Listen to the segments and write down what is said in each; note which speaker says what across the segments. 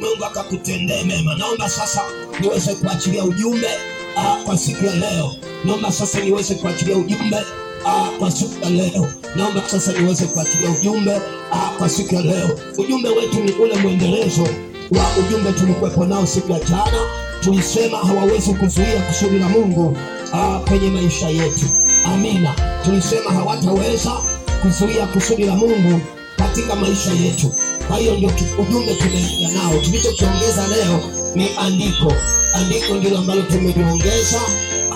Speaker 1: Mungu akakutendee mema. Naomba sasa niweze kuachilia ujumbe uh, kwa siku ya leo. Naomba sasa niweze kuachilia ujumbe uh, kwa siku ya leo. Naomba sasa niweze kuachilia ujumbe uh, kwa siku ya leo. Ujumbe wetu ni ule mwendelezo wa ujumbe tulikuwepo nao siku ya jana. Tulisema hawawezi kuzuia kusudi la Mungu uh, kwenye maisha yetu. Amina. Tulisema hawataweza kuzuia kusudi la Mungu katika maisha yetu. Kwa hiyo ndio ujumbe tunaenda nao. Tulichokiongeza leo ni andiko. Andiko ndilo ambalo tumeliongeza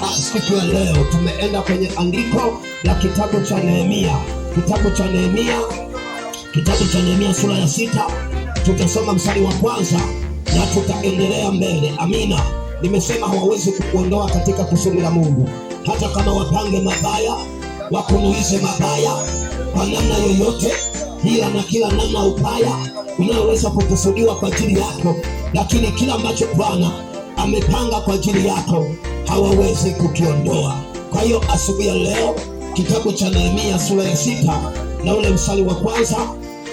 Speaker 1: ah, siku ya leo. Tumeenda kwenye andiko la kitabu cha Nehemia, kitabu cha Nehemia, kitabu cha Nehemia sura ya sita. Tutasoma mstari wa kwanza na tutaendelea mbele. Amina. Nimesema hawawezi kukuondoa katika kusudi la Mungu, hata kama wapange mabaya, wakunuize mabaya kwa namna yoyote hila na kila namna upaya unayoweza kukusudiwa kwa ajili yako, lakini kila ambacho Bwana amepanga kwa ajili yako hawawezi kukiondoa. Kwa hiyo asubuhi ya leo, kitabu cha Nehemia sura ya sita na ule mstari wa kwanza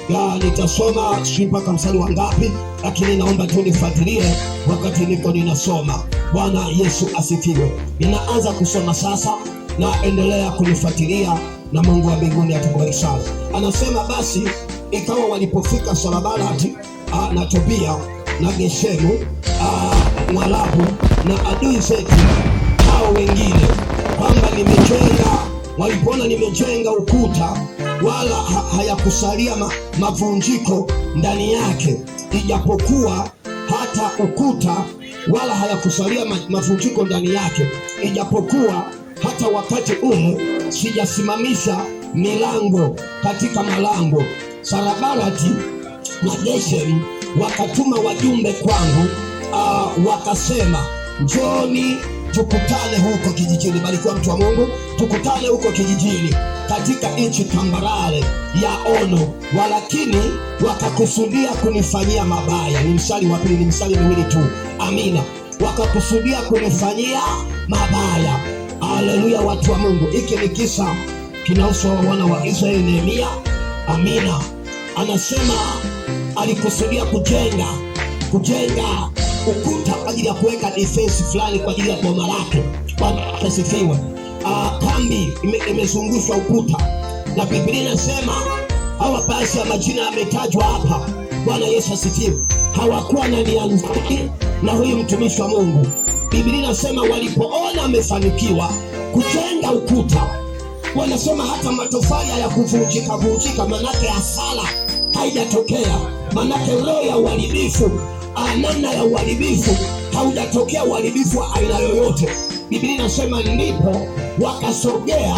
Speaker 1: ya nitasoma si mpaka mstari wa ngapi, lakini naomba tu nifuatilie wakati niko ninasoma. Bwana Yesu asifiwe. Ninaanza kusoma sasa, na endelea kunifuatilia na Mungu wa mbinguni atubariki sana. Anasema basi ikawa walipofika Sarabalati ah, na Tobia na Geshemu ah, Mwarabu na adui zetu hao wengine, kwamba nimejenga, walipoona nimejenga ukuta wala ha hayakusalia ma mavunjiko ndani yake, ijapokuwa hata ukuta wala hayakusalia ma mavunjiko ndani yake, ijapokuwa hata wakati umu sijasimamisha milango katika malango. Sarabarati na Geshemu wakatuma wajumbe kwangu, uh, wakasema njoni tukutane huko kijijini. kuwa mtu wa Mungu, tukutane huko kijijini katika nchi tambarare ya Ono, walakini wakakusudia kunifanyia mabaya. Ni mstari wa pili, ni mstari miwili tu. Amina, wakakusudia kunifanyia mabaya Haleluya, watu wa Mungu, hiki ni kisa kinahusu wana wa Israeli. Nehemia, amina, anasema alikusudia kujenga kujenga ukuta kwa ajili ya kuweka defense fulani kwa ajili ya boma lake. Bwana asifiwe. Ah, kambi imezungushwa ukuta, na Biblia inasema hawa baadhi ya majina yametajwa hapa. Bwana Yesu asifiwe. Hawakuwa na nia nzuri na huyu mtumishi wa Mungu Biblia inasema walipoona amefanikiwa kujenga ukuta, wanasema hata matofali ya kuvunjika vunjika, manake hasara haijatokea, manake roho ya uharibifu, namna ya uharibifu haujatokea, uharibifu wa aina yoyote. Biblia inasema ndipo wakasogea,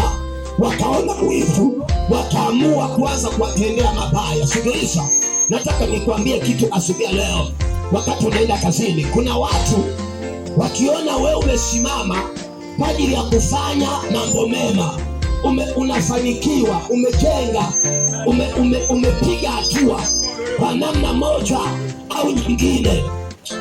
Speaker 1: wakaona wivu, wakaamua kuanza kuwatendea mabaya. Sikiliza, nataka nikwambie kitu asubuhi leo, wakati unaenda kazini, kuna watu wakiona wewe umesimama kwa ajili ya kufanya mambo mema, ume, unafanikiwa, umejenga, ume, ume, umepiga hatua kwa namna moja au nyingine,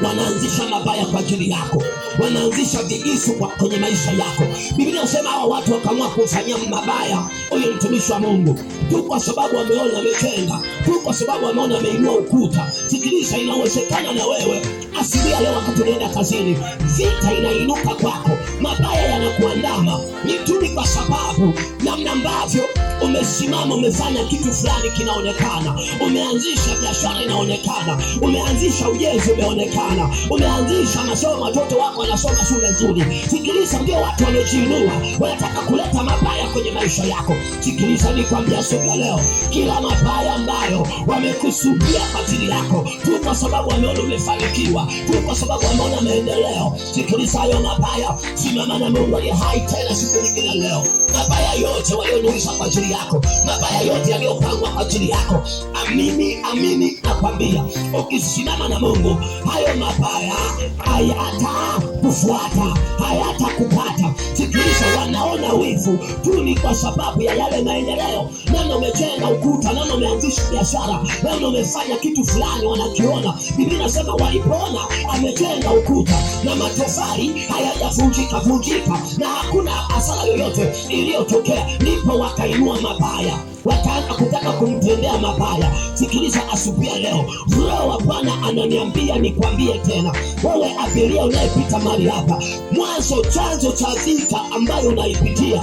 Speaker 1: wanaanzisha mabaya kwa ajili yako, wanaanzisha vigisu kwenye maisha yako. Biblia nasema hawa watu wakaamua kufanyia mabaya huyo mtumishi wa Mungu tu kwa sababu ameona amejenga, tu kwa sababu ameona ameinua ukuta. Sikiliza, inawezekana na wewe asilia leo wakatunaenda kazini, vita inainuka kwako, mabaya yanakuandama. Ni tuni kwa sababu namna ambavyo umesimama, umefanya kitu fulani kinaonekana, umeanzisha biashara inaonekana, umeanzisha ujenzi umeonekana, umeanzisha masomo, watoto wako wanasoma shule nzuri. Sikiliza, ndio watu wamejiinua wanataka kuleta mabaya kwenye maisha yako. Sikiliza, ni kwambia siku ya leo, kila mabaya ambayo wamekusudia kwa ajili yako tu, kwa sababu wameona umefanikiwa ni kwa sababu ameona maendeleo. ni sayo mabaya, simama na Mungu aliye hai tena siku nyingine leo. Mabaya yote walionuisa kwa ajili yako, mabaya yote yaliyopangwa kwa ajili yako, amini amini nakwambia, ukisimama na Mungu hayo mabaya hayata kufuata, kupata Sikiliza, wanaona wivu tu ni kwa sababu ya yale maendeleo. Namna umejenga ukuta, namna umeanzisha biashara, namna umefanya kitu fulani, wanakiona. Biblia inasema walipona amejenga ukuta na matofali hayajavunjika vunjika, na hakuna hasara yoyote iliyotokea, ndipo wakainua mabaya wataanza kutaka kumtendea mabaya. Sikiliza asubuhi ya leo, Roho wa Bwana ananiambia nikwambie tena, wewe abiria unayepita mali hapa, mwanzo chanzo cha vita ambayo unaipitia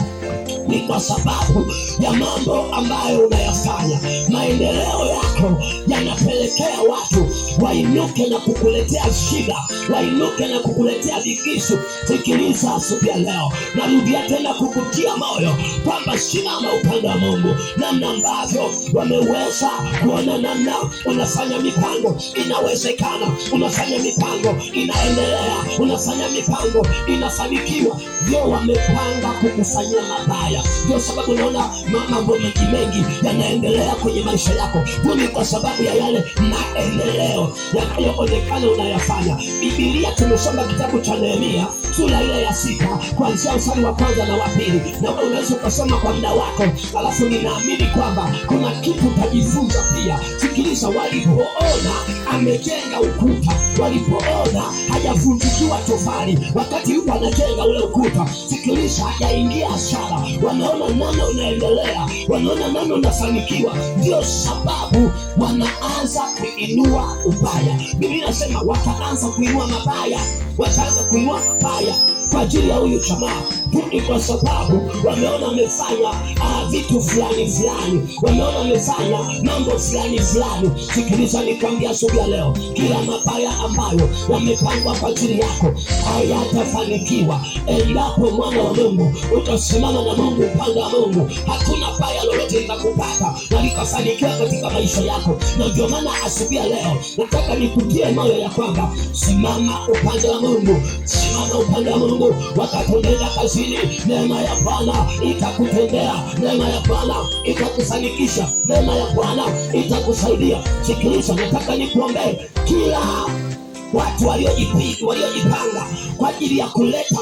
Speaker 1: ni kwa sababu ya mambo ambayo unayafanya. Maendeleo yako yanapelekea watu wainuke na kukuletea shida, wainuke na kukuletea vigisu. Sikiliza asubuhi ya leo, narudia tena kukutia moyo kwamba simama upande wa Mungu. Namna ambavyo wameweza kuona namna unafanya mipango inawezekana, unafanya mipango inaendelea, unafanya mipango inafanikiwa, ndio wamepanga kukufanyia mabaya moja. Ndio sababu naona mambo mengi mengi yanaendelea kwenye maisha yako, kuni kwa sababu ya yale maendeleo yanayoonekana unayafanya. Bibilia tumesoma kitabu cha Nehemia sura ile ya sita kuanzia mstari wa kwanza na wa pili, na unaweza ukasoma kwa muda wako, alafu ninaamini kwamba kuna kitu utajifunza pia. Sikiliza, walipoona amejenga ukuta, walipoona hajavunjikiwa tofali, wakati yupo anajenga ule ukuta, sikiliza, ajaingia hasara wanaona mama unaendelea, wanaona mama unafanikiwa, ndio sababu wana inua ubaya. Biblia inasema wataanza kuinua mabaya, wataanza kuinua mabaya kwa ajili ya huyu jamaa tu, kwa sababu wameona wamefanya ah, vitu fulani fulani, wameona wamefanya mambo fulani fulani. Sikiliza nikwambia asubuhi ya leo, kila mabaya ambayo yamepangwa kwa ajili yako hayatafanikiwa endapo mwana wa Mungu utasimama na Mungu, upande wa Mungu. Hakuna baya lolote litakupata na likafanikiwa katika maisha yako, na ndio maana kukuambia leo, nataka nikutie moyo ya kwamba simama upande wa Mungu, simama upande wa Mungu. Wakati kazini, neema ya Bwana itakutendea, neema ya Bwana itakufanikisha, neema ya Bwana itakusaidia. Sikiliza, nataka nikuombee kila watu waliojipanga kwa ajili ya kuleta